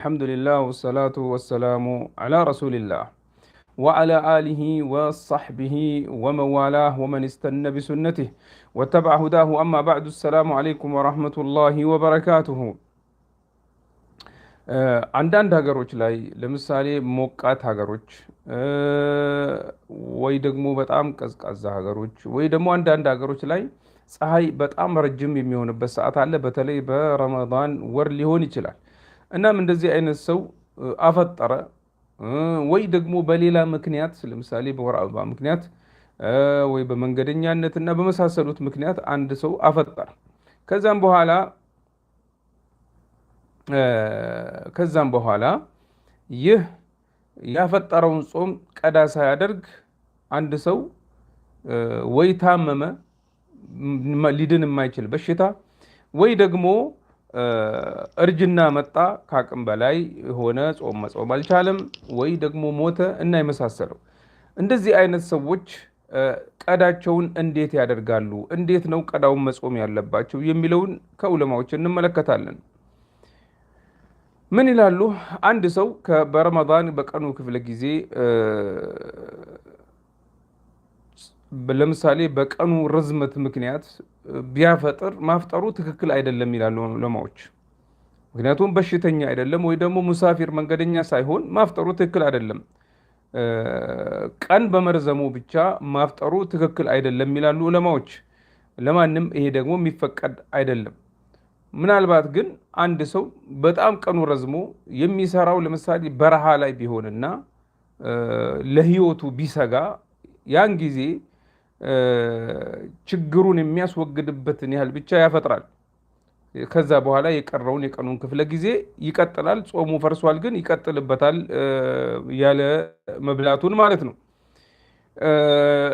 አልሐምዱሊላህ ወሰላቱ ወሰላሙ አላ ረሱሊላህ ወአላ አሊሂ ወሰሕቢሂ ወመንዋላህ ወመን ስተነ ቢሱነቲህ ወተብዐ ሁዳሁ አማ ባዕዱ አሰላሙ አለይኩም ወረሕመቱላሂ ወበረካቱሁ። አንዳንድ ሀገሮች ላይ ለምሳሌ ሞቃት ሀገሮች eh, ወይ ደግሞ በጣም ቀዝቃዛ ሀገሮች ወይ ደግሞ አንዳንድ ሀገሮች ላይ ፀሐይ በጣም ረጅም የሚሆንበት ሰዓት አለ። በተለይ በረመዳን ወር ሊሆን ይችላል። እናም እንደዚህ አይነት ሰው አፈጠረ ወይ ደግሞ በሌላ ምክንያት ለምሳሌ በወር አበባ ምክንያት ወይ በመንገደኛነት እና በመሳሰሉት ምክንያት አንድ ሰው አፈጠረ። ከዛም በኋላ ከዛም በኋላ ይህ ያፈጠረውን ጾም ቀዳ ሳያደርግ አንድ ሰው ወይ ታመመ ሊድን የማይችል በሽታ ወይ ደግሞ እርጅና መጣ፣ ከአቅም በላይ ሆነ፣ ጾም መጾም አልቻለም፣ ወይ ደግሞ ሞተ እና የመሳሰለው እንደዚህ አይነት ሰዎች ቀዳቸውን እንዴት ያደርጋሉ? እንዴት ነው ቀዳውን መጾም ያለባቸው የሚለውን ከዑለማዎች እንመለከታለን። ምን ይላሉ? አንድ ሰው በረመዳን በቀኑ ክፍለ ጊዜ ለምሳሌ በቀኑ ርዝመት ምክንያት ቢያፈጥር ማፍጠሩ ትክክል አይደለም ይላሉ ዑለማዎች። ምክንያቱም በሽተኛ አይደለም ወይ ደግሞ ሙሳፊር መንገደኛ ሳይሆን ማፍጠሩ ትክክል አይደለም። ቀን በመርዘሙ ብቻ ማፍጠሩ ትክክል አይደለም ይላሉ ዑለማዎች። ለማንም ይሄ ደግሞ የሚፈቀድ አይደለም። ምናልባት ግን አንድ ሰው በጣም ቀኑ ረዝሞ የሚሰራው ለምሳሌ በረሃ ላይ ቢሆንና ለህይወቱ ቢሰጋ ያን ጊዜ ችግሩን የሚያስወግድበትን ያህል ብቻ ያፈጥራል። ከዛ በኋላ የቀረውን የቀኑን ክፍለ ጊዜ ይቀጥላል። ጾሙ ፈርሷል፣ ግን ይቀጥልበታል ያለ መብላቱን ማለት ነው።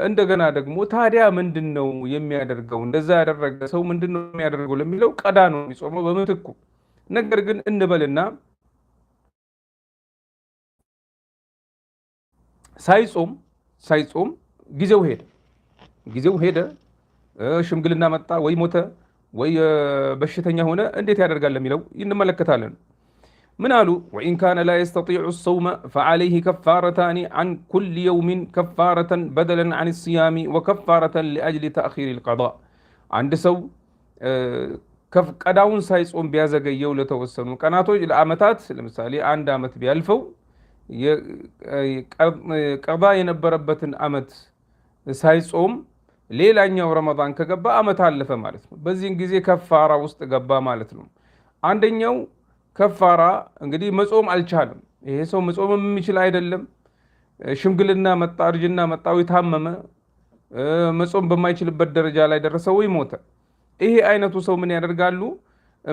እንደገና ደግሞ ታዲያ ምንድን ነው የሚያደርገው? እንደዛ ያደረገ ሰው ምንድን ነው የሚያደርገው ለሚለው ቀዳ ነው የሚጾመው በምትኩ። ነገር ግን እንበልና ሳይጾም ሳይጾም ጊዜው ሄደ። ጊዜው ሄደ፣ ሽምግልና መጣ፣ ወይ ሞተ፣ ወይ በሽተኛ ሆነ፣ እንዴት ያደርጋል የሚለው እንመለከታለን። ምን አሉ? ወኢን ካነ ላ የስተጢዑ ሰውመ ፈዓለይህ ከፋረታኒ አን ኩል የውሚን ከፋረተን በደለን አን ሲያሚ ወከፋረተን ሊአጅሊ ተአኺር ልቀዳ። አንድ ሰው ቀዳውን ሳይጾም ቢያዘገየው ለተወሰኑ ቀናቶች ለአመታት፣ ለምሳሌ አንድ አመት ቢያልፈው ቀዳ የነበረበትን አመት ሳይጾም ሌላኛው ረመዳን ከገባ አመት አለፈ ማለት ነው። በዚህን ጊዜ ከፋራ ውስጥ ገባ ማለት ነው። አንደኛው ከፋራ እንግዲህ መጾም አልቻለም። ይሄ ሰው መጾምም የሚችል አይደለም። ሽምግልና መጣ፣ እርጅና መጣ፣ ወይ ታመመ፣ መጾም በማይችልበት ደረጃ ላይ ደረሰ፣ ወይ ሞተ። ይሄ አይነቱ ሰው ምን ያደርጋሉ?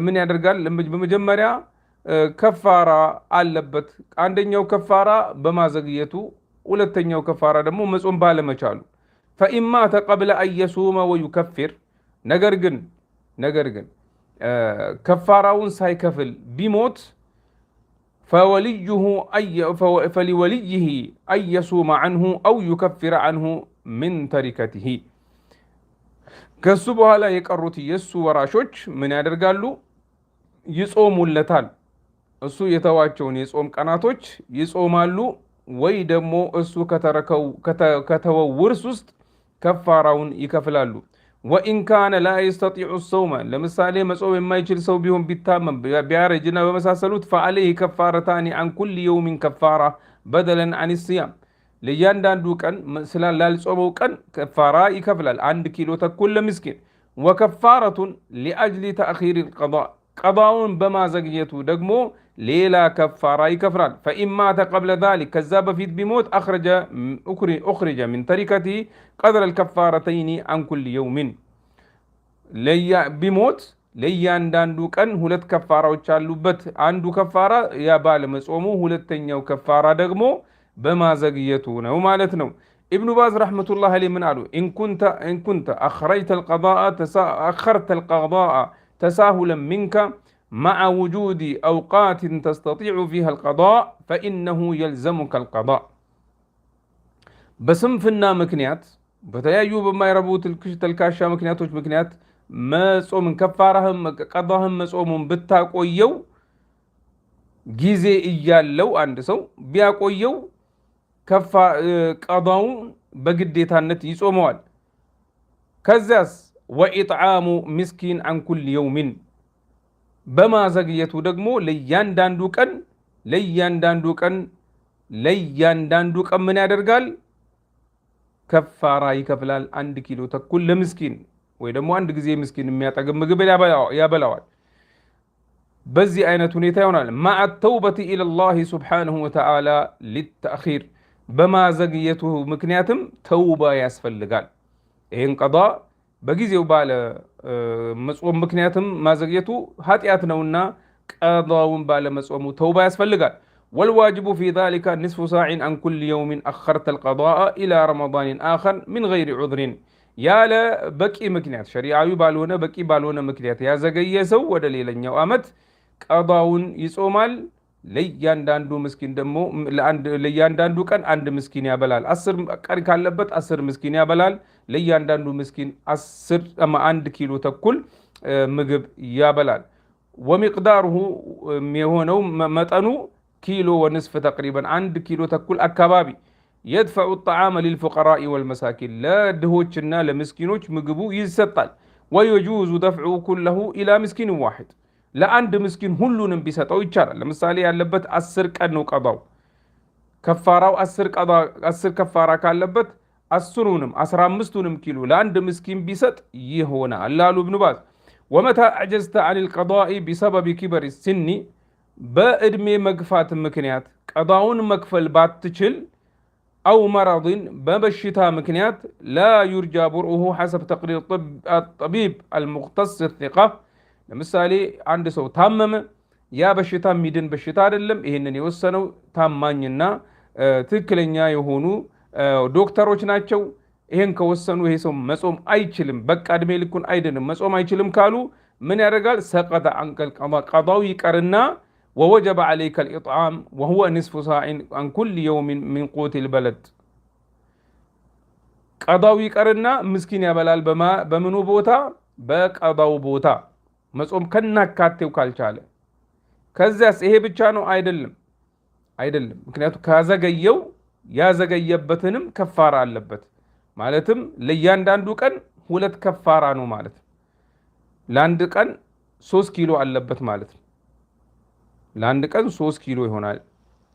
ምን ያደርጋል? በመጀመሪያ ከፋራ አለበት። አንደኛው ከፋራ በማዘግየቱ፣ ሁለተኛው ከፋራ ደግሞ መጾም ባለመቻሉ ፈኢማተ ቀብለ አየሱመ ወዩከፊር ነገር ግን ነገር ግን ከፋራውን ሳይከፍል ቢሞት ፈሊወልይህ አየሱመ አንሁ አው ዩከፊረ አንሁ ምን ተሪከትህ ከሱ በኋላ የቀሩት የእሱ ወራሾች ምን ያደርጋሉ? ይጾሙለታል። እሱ የተዋቸውን የጾም ቀናቶች ይጾማሉ፣ ወይ ደግሞ እሱ ከተወው ውርስ ውስጥ ከፋራውን ይከፍላሉ። ወኢን ካነ ላ የስተጢዑ ሰውመ ለምሳሌ መጾም የማይችል ሰው ቢሆን ቢታመም ቢያረጅና በመሳሰሉት ፈአለይህ ከፋረታኒ አን ኩል የውሚን ከፋራ በደለን አን ስያም ለእያንዳንዱ ቀን ስላልጾመው ቀን ከፋራ ይከፍላል። አንድ ኪሎ ተኩል ለምስኪን ወከፋረቱን ሊአጅሊ ተአኺር ቀዳ ቀዳውን በማዘግየቱ ደግሞ ليلا كفارا كفرا فإن مات قبل ذلك كذاب في بموت أخرج أخرج من تركته قدر الكفارتين عن كل يوم لي بموت لي عندان دوكان هلت كفارة وشالو بت عندو كفارة يا بالمس ومو هلت تنيو كفارة دغمو بما زقيتونا وما ابن باز رحمة الله عليه من قالوا إن كنت إن كنت أخرجت القضاء تسا أخرت القضاء تساهلا منك مع وجود أوقات تستطيع فيها القضاء فإنه يلزمك القضاء በስንፍና ምክንያት በተለያዩ በማይረቡ ተልካሻ ምክንያቶች ምክንያት መጾምን ከፋራህም ቀዷህም መጾሙን ብታቆየው ጊዜ እያለው አንድ ሰው ቢያቆየው ቀዳው በግዴታነት ይጾመዋል። ከዚያስ ወኢጥዓሙ ምስኪን አንኩል የውሚን በማዘግየቱ ደግሞ ለእያንዳንዱ ቀን ለእያንዳንዱ ቀን ለእያንዳንዱ ቀን ምን ያደርጋል? ከፋራ ይከፍላል። አንድ ኪሎ ተኩል ለምስኪን ወይ ደግሞ አንድ ጊዜ ምስኪን የሚያጠግብ ምግብ ያበላዋል። በዚህ አይነት ሁኔታ ይሆናል። ማዓ ተውበቲ ኢለላህ ሱብሓነሁ ወተዓላ ሊተእኺር በማዘግየቱ ምክንያትም ተውባ ያስፈልጋል። ይህን ቀዷ በጊዜው ባለ መጾም ምክንያትም ማዘግየቱ ኃጢአት ነውና ቀዳውን ባለመጾሙ ተውባ ያስፈልጋል። ወልዋጅቡ ፊ ዛሊካ ንስፉ ሳዕን አን ኩል የውሚን አኸርተ ልቀዳአ ኢላ ረመዳንን አኸር ሚን ገይሪ ዑዝሪን ያለ በቂ ምክንያት ሸሪዓዊ ባልሆነ በቂ ባልሆነ ምክንያት ያዘገየ ሰው ወደ ሌላኛው ዓመት ቀዳውን ይጾማል። ለእያንዳንዱ ምስኪን ደግሞ ለእያንዳንዱ ቀን አንድ ምስኪን ያበላል። አስር ቀን ካለበት አስር ምስኪን ያበላል። ለእያንዳንዱ ምስኪን አንድ ኪሎ ተኩል ምግብ ያበላል። ወሚቅዳሩሁ የሆነው መጠኑ ኪሎ ወንስፍ ተቅሪበን አንድ ኪሎ ተኩል አካባቢ የድፈዑ ጣዓመ ሊልፉቀራኢ ወልመሳኪን ለድሆችና ለምስኪኖች ምግቡ ይሰጣል። ወየጁዙ ደፍዑ ኩለሁ ኢላ ምስኪን ዋሂድ ለአንድ ምስኪን ሁሉንም ቢሰጠው ይቻላል። ለምሳሌ ያለበት አስር ቀን ነው ቀዳው። ከፋራው አስር ከፋራ ካለበት አስሩንም አስራ አምስቱንም ኪሎ ለአንድ ምስኪን ቢሰጥ ይሆናል አሉ እብኑ ባዝ። ወመታ አጀዝተ አኒል ቀዳኢ ቢሰበብ ኪበር ሲኒ በእድሜ መግፋት ምክንያት ቀዳውን መክፈል ባትችል አው መረድን በበሽታ ምክንያት ላ ዩርጃ ቡርኡሁ ሐሰብ ተቅዲር ጠቢብ አልሙክተስ ቃ ለምሳሌ አንድ ሰው ታመመ። ያ በሽታ የሚድን በሽታ አይደለም። ይህንን የወሰነው ታማኝና ትክክለኛ የሆኑ ዶክተሮች ናቸው። ይሄን ከወሰኑ ይሄ ሰው መጾም አይችልም፣ በቃ እድሜ ልኩን አይደንም መጾም አይችልም ካሉ ምን ያደርጋል? ሰቀተ አንቀል ቀዳው ይቀርና ወወጀበ ዓለይከ ልኢጣም ወሁወ ንስፉ ሳዒን አን ኩል የውሚን ሚን ቁት ልበለድ ቀዳው ይቀርና ምስኪን ያበላል። በምኑ ቦታ? በቀዳው ቦታ መጾም ከናካቴው ካልቻለ ከዚያስ፣ ይሄ ብቻ ነው አይደለም፣ አይደለም። ምክንያቱም ካዘገየው ያዘገየበትንም ከፋራ አለበት። ማለትም ለእያንዳንዱ ቀን ሁለት ከፋራ ነው ማለት ለአንድ ቀን ሶስት ኪሎ አለበት ማለት ነው። ለአንድ ቀን ሶስት ኪሎ ይሆናል።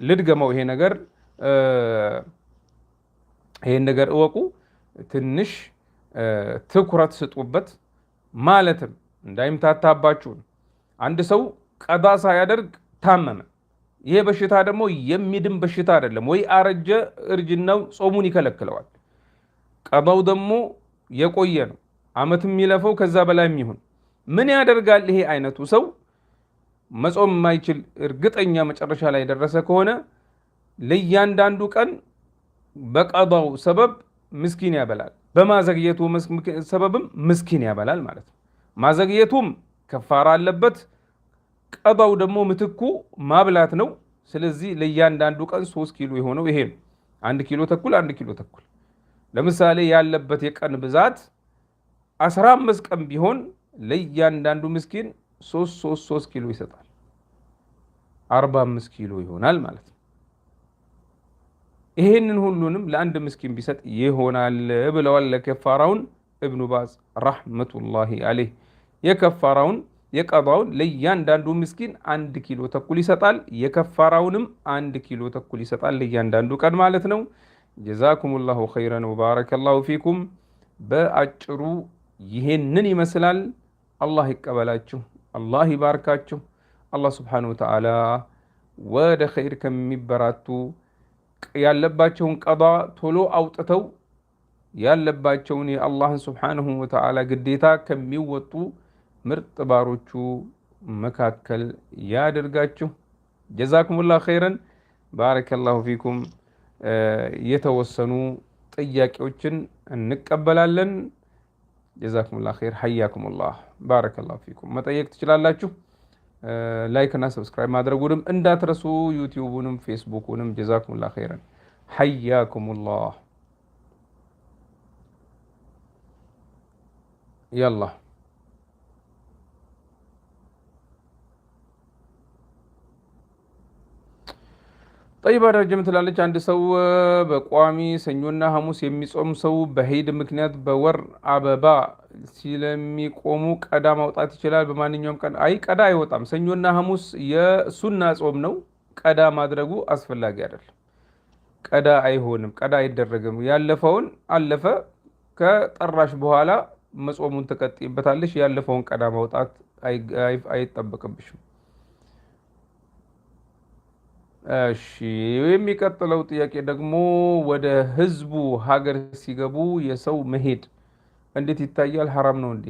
ልድገመው፣ ይሄ ነገር ይሄን ነገር እወቁ፣ ትንሽ ትኩረት ስጡበት። ማለትም እንዳይምታታባችሁን አንድ ሰው ቀዳ ሳያደርግ ታመመ ይሄ በሽታ ደግሞ የሚድን በሽታ አይደለም። ወይ አረጀ፣ እርጅናው ጾሙን ይከለክለዋል። ቀባው ደግሞ የቆየ ነው፣ አመት የሚለፈው ከዛ በላይ የሚሆን ምን ያደርጋል? ይሄ አይነቱ ሰው መጾም የማይችል እርግጠኛ መጨረሻ ላይ የደረሰ ከሆነ ለእያንዳንዱ ቀን በቀዳው ሰበብ ምስኪን ያበላል፣ በማዘግየቱ ሰበብም ምስኪን ያበላል ማለት ነው። ማዘግየቱም ከፋራ አለበት። ቀባው ደግሞ ምትኩ ማብላት ነው። ስለዚህ ለእያንዳንዱ ቀን ሶስት ኪሎ የሆነው ይሄ ነው። አንድ ኪሎ ተኩል አንድ ኪሎ ተኩል ለምሳሌ ያለበት የቀን ብዛት አስራ አምስት ቀን ቢሆን ለእያንዳንዱ ምስኪን ሶስት ሶስት ሶስት ኪሎ ይሰጣል። አርባ አምስት ኪሎ ይሆናል ማለት ነው። ይሄንን ሁሉንም ለአንድ ምስኪን ቢሰጥ ይሆናል ብለዋል። ለከፋራውን እብኑ ባዝ ረሕመቱላሂ አለይህ የከፋራውን የቀባውን ለእያንዳንዱ ምስኪን አንድ ኪሎ ተኩል ይሰጣል። የከፋራውንም አንድ ኪሎ ተኩል ይሰጣል ለእያንዳንዱ ቀን ማለት ነው። ጀዛኩሙላሁ ኸይረን ወባረከላሁ ፊኩም። በአጭሩ ይሄንን ይመስላል። አላህ ይቀበላችሁ፣ አላህ ይባርካችሁ። አላህ ስብሓነሁ ወተዓላ ወደ ኸይር ከሚበራቱ ያለባቸውን ቀዳ ቶሎ አውጥተው ያለባቸውን የአላህን ስብሓነሁ ወተዓላ ግዴታ ከሚወጡ ምርጥ ባሮቹ መካከል ያደርጋችሁ። ጀዛኩሙላህ ኸይረን። ባረከላሁ ፊኩም። የተወሰኑ ጥያቄዎችን እንቀበላለን። ጀዛኩሙላህ ኸይር። ሀያኩሙላህ። ባረከላሁ ፊኩም። መጠየቅ ትችላላችሁ። ላይክ እና ሰብስክራይብ ማድረጉንም እንዳትረሱ። ዩቲዩቡንም ፌስቡኩንም። ጀዛኩሙላህ ኸይረን። ሀያኩሙላህ። ያላ ጠይባ ደረጀ ትላለች። አንድ ሰው በቋሚ ሰኞና ሐሙስ የሚጾም ሰው በሄድ ምክንያት በወር አበባ ስለሚቆሙ ቀዳ ማውጣት ይችላል። በማንኛውም ቀን አይ ቀዳ አይወጣም። ሰኞና ሐሙስ የሱና ጾም ነው። ቀዳ ማድረጉ አስፈላጊ አይደለም። ቀዳ አይሆንም። ቀዳ አይደረግም። ያለፈውን አለፈ። ከጠራሽ በኋላ መጾሙን ትቀጥይበታለሽ። ያለፈውን ቀዳ ማውጣት አይጠበቅብሽም። እሺ የሚቀጥለው ጥያቄ ደግሞ ወደ ህዝቡ ሀገር ሲገቡ የሰው መሄድ እንዴት ይታያል? ሀራም ነው እንዴ?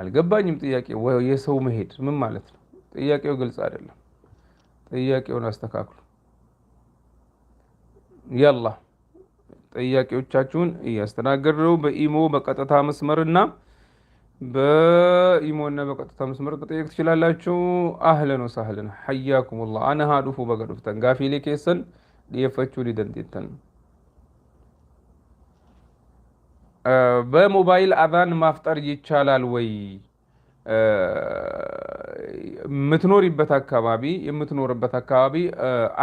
አልገባኝም። ጥያቄ የሰው መሄድ ምን ማለት ነው? ጥያቄው ግልጽ አይደለም። ጥያቄውን አስተካክሉ። ያላ ጥያቄዎቻችሁን እያስተናገድ ነው በኢሞ በቀጥታ መስመርና በኢሞና በቀጥታ መስመር መጠየቅ ትችላላችሁ። አህለን ወሳህለን ሐያኩሙላ አነሃ ዱፉ በጋ ዱፍተን ጋፊሌ ኬሰን ዲየፈቹ ሊደንጤተን በሞባይል አዛን ማፍጠር ይቻላል ወይ? የምትኖሪበት አካባቢ የምትኖርበት አካባቢ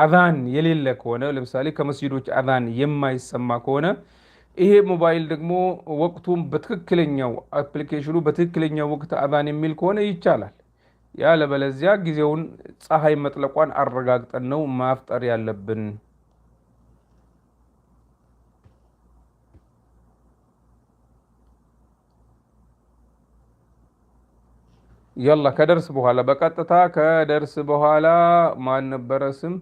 አዛን የሌለ ከሆነ ለምሳሌ ከመስጂዶች አዛን የማይሰማ ከሆነ ይሄ ሞባይል ደግሞ ወቅቱን በትክክለኛው አፕሊኬሽኑ በትክክለኛው ወቅት አዛን የሚል ከሆነ ይቻላል። ያለበለዚያ ጊዜውን ፀሐይ መጥለቋን አረጋግጠን ነው ማፍጠር ያለብን። ያላ ከደርስ በኋላ በቀጥታ ከደርስ በኋላ ማን ነበረ ስም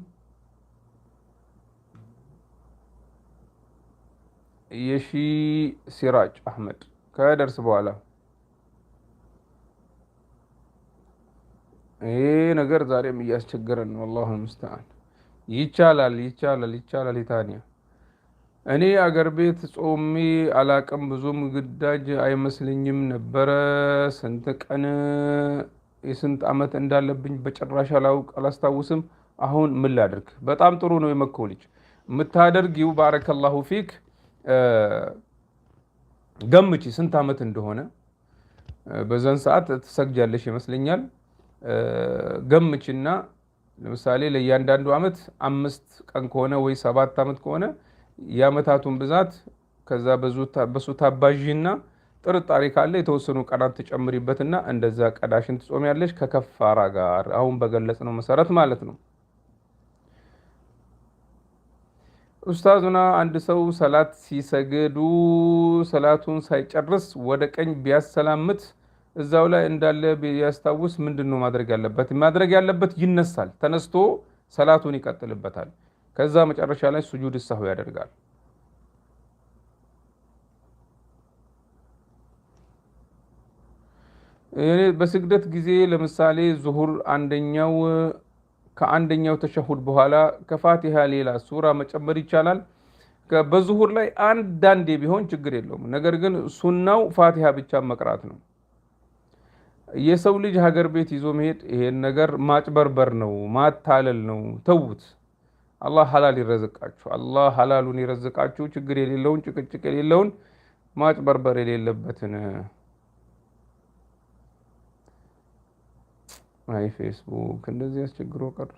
የሺ ሲራጅ አህመድ ከደርስ በኋላ ይሄ ነገር ዛሬም እያስቸገረን ነው። አላሁ ይቻላል ይቻላል ይቻላል። የታንያ እኔ አገር ቤት ጾሜ አላቅም። ብዙም ግዳጅ አይመስልኝም ነበረ። ስንት ቀን የስንት ዓመት እንዳለብኝ በጭራሽ አላውቅ አላስታውስም። አሁን ምን ላድርግ? በጣም ጥሩ ነው። የመኮ ልጅ የምታደርጊው ባረከላሁ ፊክ ገምቺ ስንት ዓመት እንደሆነ በዛን ሰዓት ትሰግጃለሽ ይመስለኛል። ገምቺና ለምሳሌ ለእያንዳንዱ ዓመት አምስት ቀን ከሆነ ወይ ሰባት ዓመት ከሆነ የዓመታቱን ብዛት ከዛ በሱ ታባዥና ጥርጣሬ ካለ የተወሰኑ ቀናት ትጨምሪበትና እንደዛ ቀዳሽን ትጾሚያለሽ ከከፋራ ጋር አሁን በገለጽ ነው መሰረት ማለት ነው። ኡስታዙና አንድ ሰው ሰላት ሲሰግዱ ሰላቱን ሳይጨርስ ወደ ቀኝ ቢያሰላምት እዛው ላይ እንዳለ ቢያስታውስ ምንድን ነው ማድረግ ያለበት? ማድረግ ያለበት ይነሳል፣ ተነስቶ ሰላቱን ይቀጥልበታል። ከዛ መጨረሻ ላይ ሱጁድ ሳሁ ያደርጋል። በስግደት ጊዜ ለምሳሌ ዙሁር አንደኛው ከአንደኛው ተሸሁድ በኋላ ከፋቲሃ ሌላ ሱራ መጨመር ይቻላል። በዙሁር ላይ አንዳንዴ ቢሆን ችግር የለውም። ነገር ግን ሱናው ፋቲሃ ብቻ መቅራት ነው። የሰው ልጅ ሀገር ቤት ይዞ መሄድ ይሄን ነገር ማጭበርበር ነው፣ ማታለል ነው። ተዉት። አላህ ሀላል ይረዝቃችሁ። አላህ ሀላሉን ይረዝቃችሁ። ችግር የሌለውን ጭቅጭቅ የሌለውን ማጭበርበር የሌለበትን አይ ፌስቡክ እንደዚህ አስቸግሮ ቀር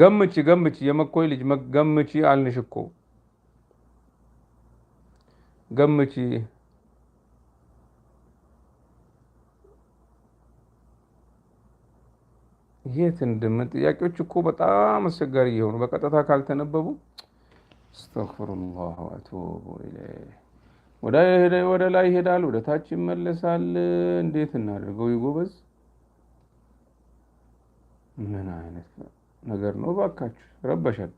ገምቺ ገምቺ የመኮይ ልጅ ገምቺ አልንሽ እኮ ገምቺ። የት እንደምን ጥያቄዎች እኮ በጣም አስቸጋሪ እየሆኑ በቀጥታ ካልተነበቡ አስተግፍሩላህ ወአቱቡ ኢለይህ ወደ ላይ ይሄዳል፣ ወደ ታች ይመለሳል። እንዴት እናደርገው? ይጎበዝ ምን አይነት ነገር ነው? እባካችሁ ረበሸን።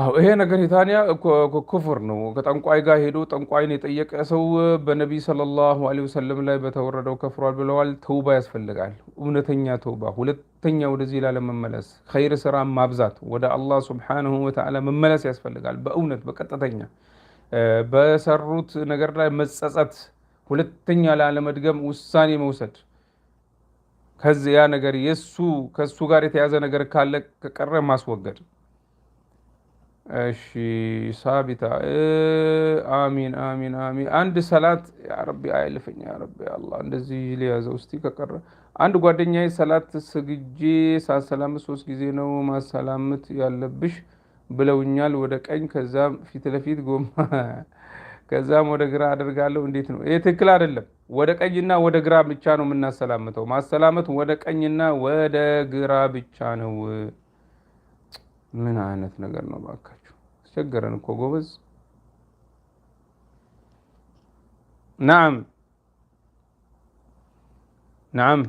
አዎ ይሄ ነገር የታንያ ክፉር ነው። ከጠንቋይ ጋር ሄዶ ጠንቋይን የጠየቀ ሰው በነቢይ ሰለላሁ ዐለይሂ ወሰለም ላይ በተወረደው ከፍሯል ብለዋል። ተውባ ያስፈልጋል። እውነተኛ ተውባ፣ ሁለተኛ ወደዚህ ላለመመለስ ኸይር ስራ ማብዛት፣ ወደ አላህ ሱብሓነሁ ወተዓላ መመለስ ያስፈልጋል። በእውነት በቀጥተኛ በሰሩት ነገር ላይ መጸጸት፣ ሁለተኛ ላለመድገም ውሳኔ መውሰድ ከዚያ ነገር የሱ ከሱ ጋር የተያዘ ነገር ካለ ከቀረ ማስወገድ እሺ ሳቢታ አሚን አሚን አሚን። አንድ ሰላት ያረቢ አይልፈኝ ያረቢ አላ እንደዚህ ሊያዘ ውስቲ ከቀረ አንድ ጓደኛዬ ሰላት ስግጄ ሳሰላምት ሶስት ጊዜ ነው ማሰላምት ያለብሽ ብለውኛል። ወደ ቀኝ ከዛም ፊት ለፊት ጎማ ከዛም ወደ ግራ አደርጋለሁ። እንዴት ነው ይህ? ትክክል አይደለም። ወደ ቀኝና ወደ ግራ ብቻ ነው የምናሰላምተው። ማሰላመት ወደ ቀኝና ወደ ግራ ብቻ ነው። ምን አይነት ነገር ነው ባካችሁ? አስቸገረን እኮ ጎበዝ። ናም ናም፣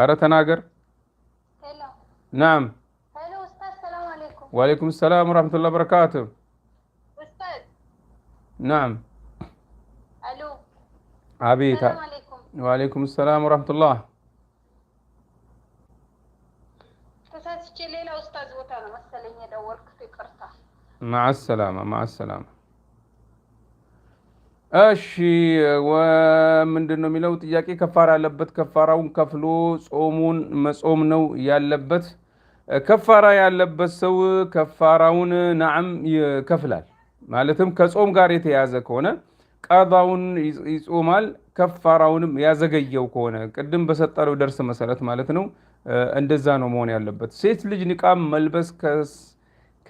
አረ ተናገር። ናም ወአለይኩም ሰላም ወራህመቱላሂ በረካቱ። ናም አቤት። ወአለይኩም ሰላም ወራህመቱላህ ማሰላማ ማሰላማ። እሺ ምንድን ነው የሚለው ጥያቄ? ከፋራ ያለበት ከፋራውን ከፍሎ ጾሙን መጾም ነው ያለበት። ከፋራ ያለበት ሰው ከፋራውን ናዓም ይከፍላል። ማለትም ከጾም ጋር የተያዘ ከሆነ ቀዳውን ይጾማል። ከፋራውንም ያዘገየው ከሆነ ቅድም በሰጠነው ደርስ መሰረት ማለት ነው። እንደዛ ነው መሆን ያለበት። ሴት ልጅ ኒቃም መልበስ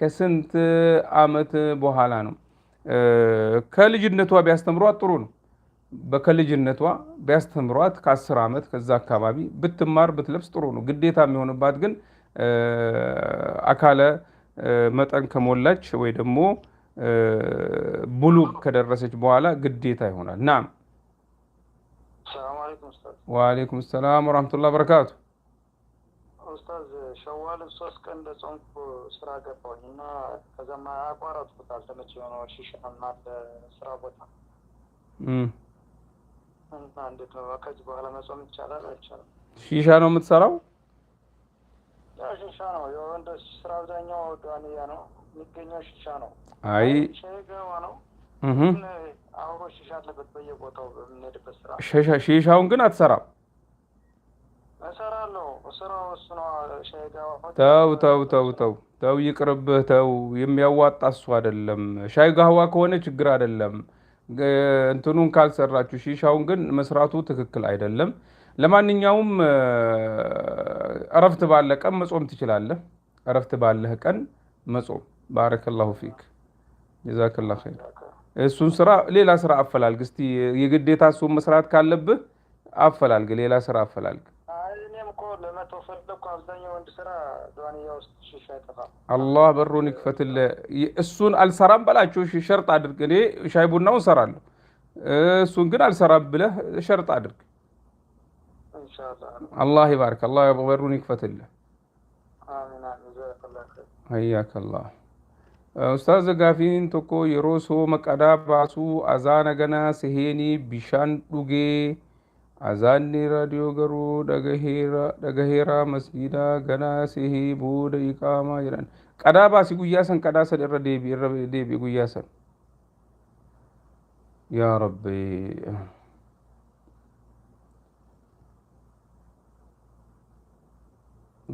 ከስንት ዓመት በኋላ ነው። ከልጅነቷ ቢያስተምሯት ጥሩ ነው። በከልጅነቷ ቢያስተምሯት ከአስር ዓመት ከዛ አካባቢ ብትማር ብትለብስ ጥሩ ነው። ግዴታ የሚሆንባት ግን አካለ መጠን ከሞላች ወይ ደግሞ ቡሉግ ከደረሰች በኋላ ግዴታ ይሆናል። ናም። ወአለይኩም ሰላም ወረሕመቱላህ በረካቱ ኡስታዝ ሸዋል ሶስት ቀን እንደጾምኩ ስራ ገባሁኝ እና ከዛማ አቋረጥኩት። አልተመቸኝ የሆነ ሽሻና አለ ስራ ቦታ እና እንዴት ነው ከዚህ በኋላ መጾም ይቻላል አይቻልም? ሺሻ ነው የምትሰራው? ያው ሺሻ ነው የወንደ ስራ አብዛኛው ዳንያ ነው የሚገኘው ሺሻ ነው። አይ ገባ ነው አብሮ ሺሻ አለበት በየቦታው በምንሄድበት ስራ ሺሻውን ግን አትሰራም ተው ተው ተው ተው ተው፣ ይቅርብህ ተው። የሚያዋጣ እሱ አይደለም። ሻይ ጋህዋ ከሆነ ችግር አይደለም። እንትኑን ካልሰራችሁ ሺሻውን ግን መስራቱ ትክክል አይደለም። ለማንኛውም እረፍት ባለ ቀን መጾም ትችላለህ። እረፍት ባለህ ቀን መጾም። ባረከላሁ ፊክ ጀዛከላ ኸይር። እሱን ስራ ሌላ ስራ አፈላልግ እስቲ። የግዴታ እሱን መስራት ካለብህ አፈላልግ፣ ሌላ ስራ አፈላልግ። ለመተው አብዛኛው ወንድ ስራ ዱንያ ውስጥ ሽሻ አይጠፋም። አላህ በሩን ይክፈትልህ። እሱን አልሰራም በላችሁ ሸርጥ አድርግ። እኔ ሻይ ቡናውን እሰራለሁ፣ እሱን ግን አልሰራም ብለህ ሸርጥ አድርግ። አላህ ይባርክ። አላህ በሩን ይክፈትልህ። ሀያከ ኡስታዝ ጋፊን ቶኮ የሮሶ መቀዳ ባሱ አዛነገና ስሄኒ ቢሻን ዱጌ Azaanni raadiyoo garuu dhagaheera masgiidaa ganaa sihii booda iqaamaa jedhan. Qadaa baasii guyyaa san qadaa san irra deebi irra deebi guyyaa san. Yaa Rabbi.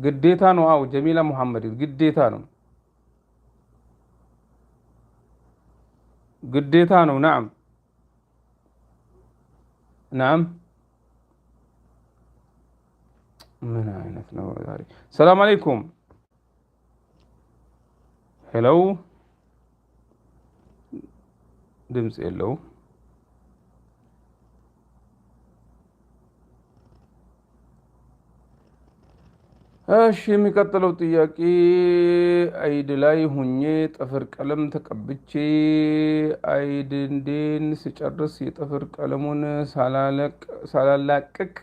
ግዴታ ነው። አዎ ጀሚላ ሙሐመድ ግዴታ ነው። ግዴታ ነው። ናም ናም ምን አይነት ነው ዛሬ? ሰላም አለይኩም። ሄሎ፣ ድምፅ የለው። እሺ፣ የሚቀጥለው ጥያቄ አይድ ላይ ሁኜ ጥፍር ቀለም ተቀብቼ አይድ እንዴን ስጨርስ የጥፍር ቀለሙን ሳላላቅቅ!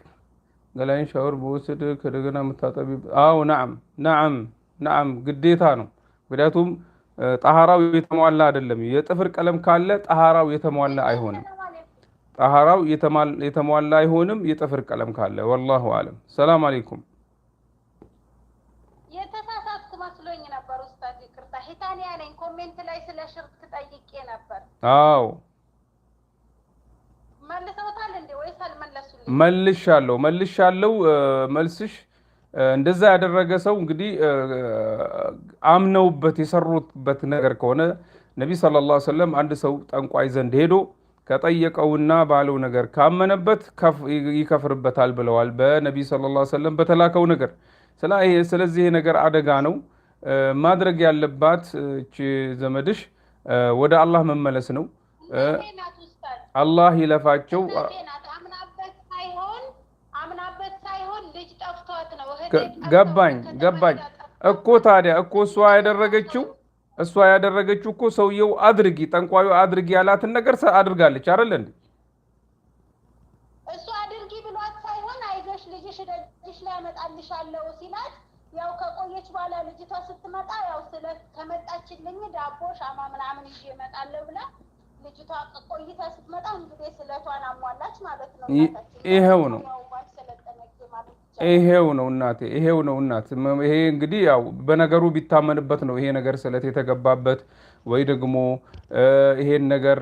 ገላይን ሻወር በወሰድ ከደገና መታጠቢ። አዎ ናም ናም ናም ግዴታ ነው። ምክንያቱም ጣሃራው የተሟላ አይደለም። የጥፍር ቀለም ካለ ጣሃራው የተሟላ አይሆንም። ጣሃራው የተሟላ አይሆንም የጥፍር ቀለም ካለ። ወላሁ አለም። ሰላም አለይኩም። የተሳሳትኩ መስሎኝ ነበር ኡስታዝ፣ ይቅርታ። ሂታን ያለኝ ኮሜንት ላይ ስለ ሽርክ ጠይቄ ነበር። አዎ መልሻለሁ መልሻለሁ መልስሽ እንደዛ ያደረገ ሰው እንግዲህ አምነውበት የሰሩበት ነገር ከሆነ ነቢ ስለ ላ ወሰለም አንድ ሰው ጠንቋይ ዘንድ ሄዶ ከጠየቀውና ባለው ነገር ካመነበት ይከፍርበታል ብለዋል በነቢ ስለ ላ ወሰለም በተላከው ነገር። ስለዚህ ነገር አደጋ ነው። ማድረግ ያለባት እቺ ዘመድሽ ወደ አላህ መመለስ ነው። አላህ ይለፋቸው። ገባኝ ገባኝ እኮ ታዲያ እኮ እሷ ያደረገችው እሷ ያደረገችው እኮ ሰውየው አድርጊ ጠንቋዩ አድርጊ ያላትን ነገር አድርጋለች አይደል እንዴ? እሱ አድርጊ ብሏት ሳይሆን አይዞሽ ልጅሽ ደጅሽ ላይ አመጣልሻለሁ ሲላት ያው ከቆየች በኋላ ልጅቷ ስትመጣ ያው ስለ ከመጣችልኝ ዳቦ ሻማ ምናምን ይዤ እመጣለሁ ብላ ልጅቷ ቆይታ ስትመጣ እንግዲህ ስለቷን አሟላች ማለት ነው። ይኸው ነው ይሄው ነው እናቴ፣ ይሄው ነው እናት። ይሄ እንግዲህ ያው በነገሩ ቢታመንበት ነው ይሄ ነገር ስለት የተገባበት ወይ ደግሞ ይሄን ነገር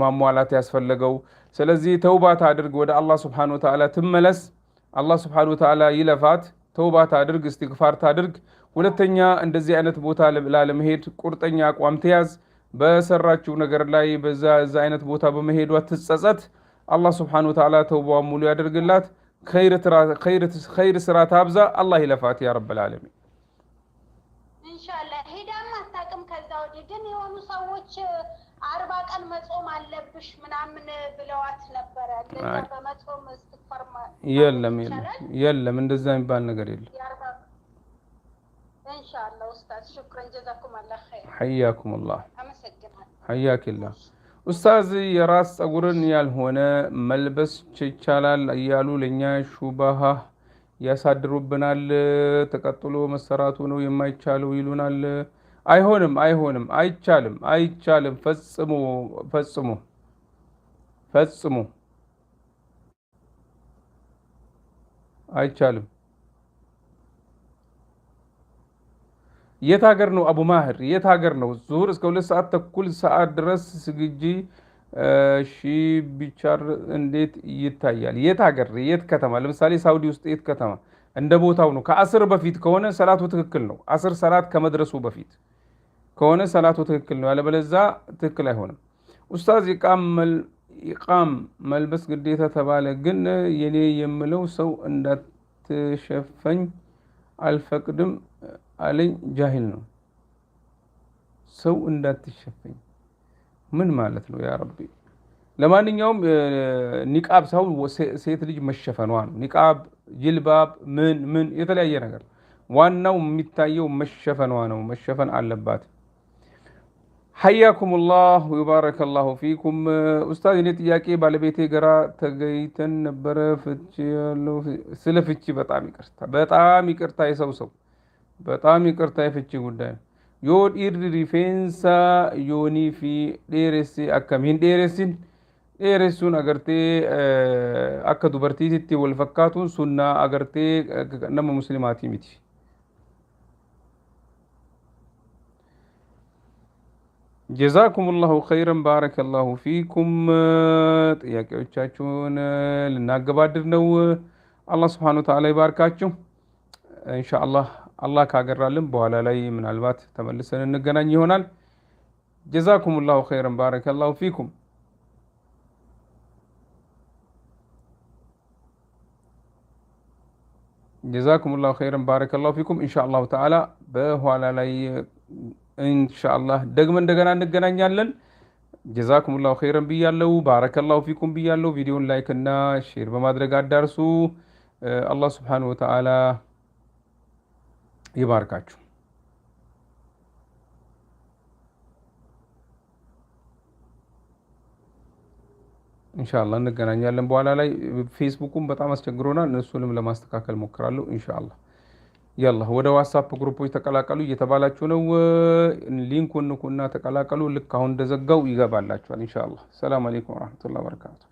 ማሟላት ያስፈለገው። ስለዚህ ተውባት አድርግ፣ ወደ አላህ ስብሓነ ወተዓላ ትመለስ። አላህ ስብሓነ ወተዓላ ይለፋት። ተውባት አድርግ፣ እስትግፋር ታድርግ። ሁለተኛ እንደዚህ አይነት ቦታ ላለመሄድ ቁርጠኛ አቋም ትያዝ። በሰራችው ነገር ላይ በዛ አይነት ቦታ በመሄዷ ትጸጸት። አላህ ስብሓነ ወተዓላ ተውባ ሙሉ ያደርግላት። خير ترا خير خير سرات تابزا الله يلفات يا رب العالمين ان شاء الله هيدا ما تاكم كذا ودي دين يونو سوتش اربع قال من عم بلوات نبر لما ما صوم استغفر ما يلم يلم ان شاء الله استاذ شكرا جزاكم الله خير حياكم الله حياك الله ኡስታዝ የራስ ጸጉርን ያልሆነ መልበስ ይቻላል እያሉ ለእኛ ሹባሃ ያሳድሩብናል። ተቀጥሎ መሰራቱ ነው የማይቻለው ይሉናል። አይሆንም፣ አይሆንም፣ አይቻልም፣ አይቻልም። ፈጽሞ ፈጽሞ ፈጽሞ አይቻልም። የት ሀገር ነው አቡ ማህር? የት ሀገር ነው? ዙር እስከ ሁለት ሰዓት ተኩል ሰዓት ድረስ ስግጂ ሺ ቢቻር እንዴት ይታያል? የት ሀገር የት ከተማ? ለምሳሌ ሳውዲ ውስጥ የት ከተማ? እንደ ቦታው ነው። ከአስር በፊት ከሆነ ሰላቱ ትክክል ነው። አስር ሰላት ከመድረሱ በፊት ከሆነ ሰላቱ ትክክል ነው፣ ያለበለዛ ትክክል አይሆንም። ኡስታዝ ኢቃም መልበስ ግዴታ ተባለ፣ ግን የኔ የምለው ሰው እንዳትሸፈኝ አልፈቅድም አለኝ ጃሂል ነው ሰው እንዳትሸፈኝ ምን ማለት ነው? ያ ለማንኛውም ኒቃብ ሳይሆን ሴት ልጅ መሸፈኗ ነው። ኒቃብ፣ ጅልባብ፣ ምን ምን የተለያየ ነገር፣ ዋናው የሚታየው መሸፈኗ ነው። መሸፈን አለባት። ሐያኩም ላህ ወባረከ ላሁ ፊኩም። ኡስታዝ፣ እኔ ጥያቄ ባለቤቴ ገራ ተገኝተን ነበረ። ፍቺ ያለው ስለ ፍቺ በጣም ይቅርታ፣ በጣም ይቅርታ የሰው ሰው በጣም ይቅርታ የፍቺ ጉዳይ ዮ ዲር ሪፌንሳ ዮኒ ፊ ዴረሲ አካሚን ዴረሲን ዴረሱን አገርቴ አካ ዱበርቲቲቲ ወልፈካቱን ሱና አገርቴ ነመ ሙስሊማቲ ሚቲ ጀዛኩም ላሁ ኸይረን ባረከ ላሁ ፊኩም። ጥያቄዎቻችሁን ልናገባድር ነው። አላህ ስብሓነ ወተዓላ ይባርካችሁ። እንሻ አላህ ካገራልን በኋላ ላይ ምናልባት ተመልሰን እንገናኝ ይሆናል። ጀዛኩም ላሁ ኸይረን ባረከላሁ ፊኩም። ጀዛኩም ላሁ ኸይረን ባረከላሁ ፊኩም። ኢንሻ አላሁ ተዓላ በኋላ ላይ ኢንሻ አላህ ደግመን እንደገና እንገናኛለን። ጀዛኩም ላሁ ኸይረን ብያለው፣ ባረከላሁ ፊኩም ብያለው። ቪዲዮን ላይክ እና ሼር በማድረግ አዳርሱ። አላህ ስብሓነሁ ወተዓላ ይባርካችሁ። እንሻላ እንገናኛለን። በኋላ ላይ ፌስቡኩም በጣም አስቸግሮናል። እነሱንም ለማስተካከል ሞክራለሁ። እንሻላ ያላ ወደ ዋትሳፕ ግሩፖች ተቀላቀሉ እየተባላችሁ ነው። ሊንኩን ንኩና ተቀላቀሉ። ልክ አሁን እንደዘጋው ይገባላችኋል። እንሻላ ሰላም አሌይኩም ወረሕመቱላሂ ወበረካቱ።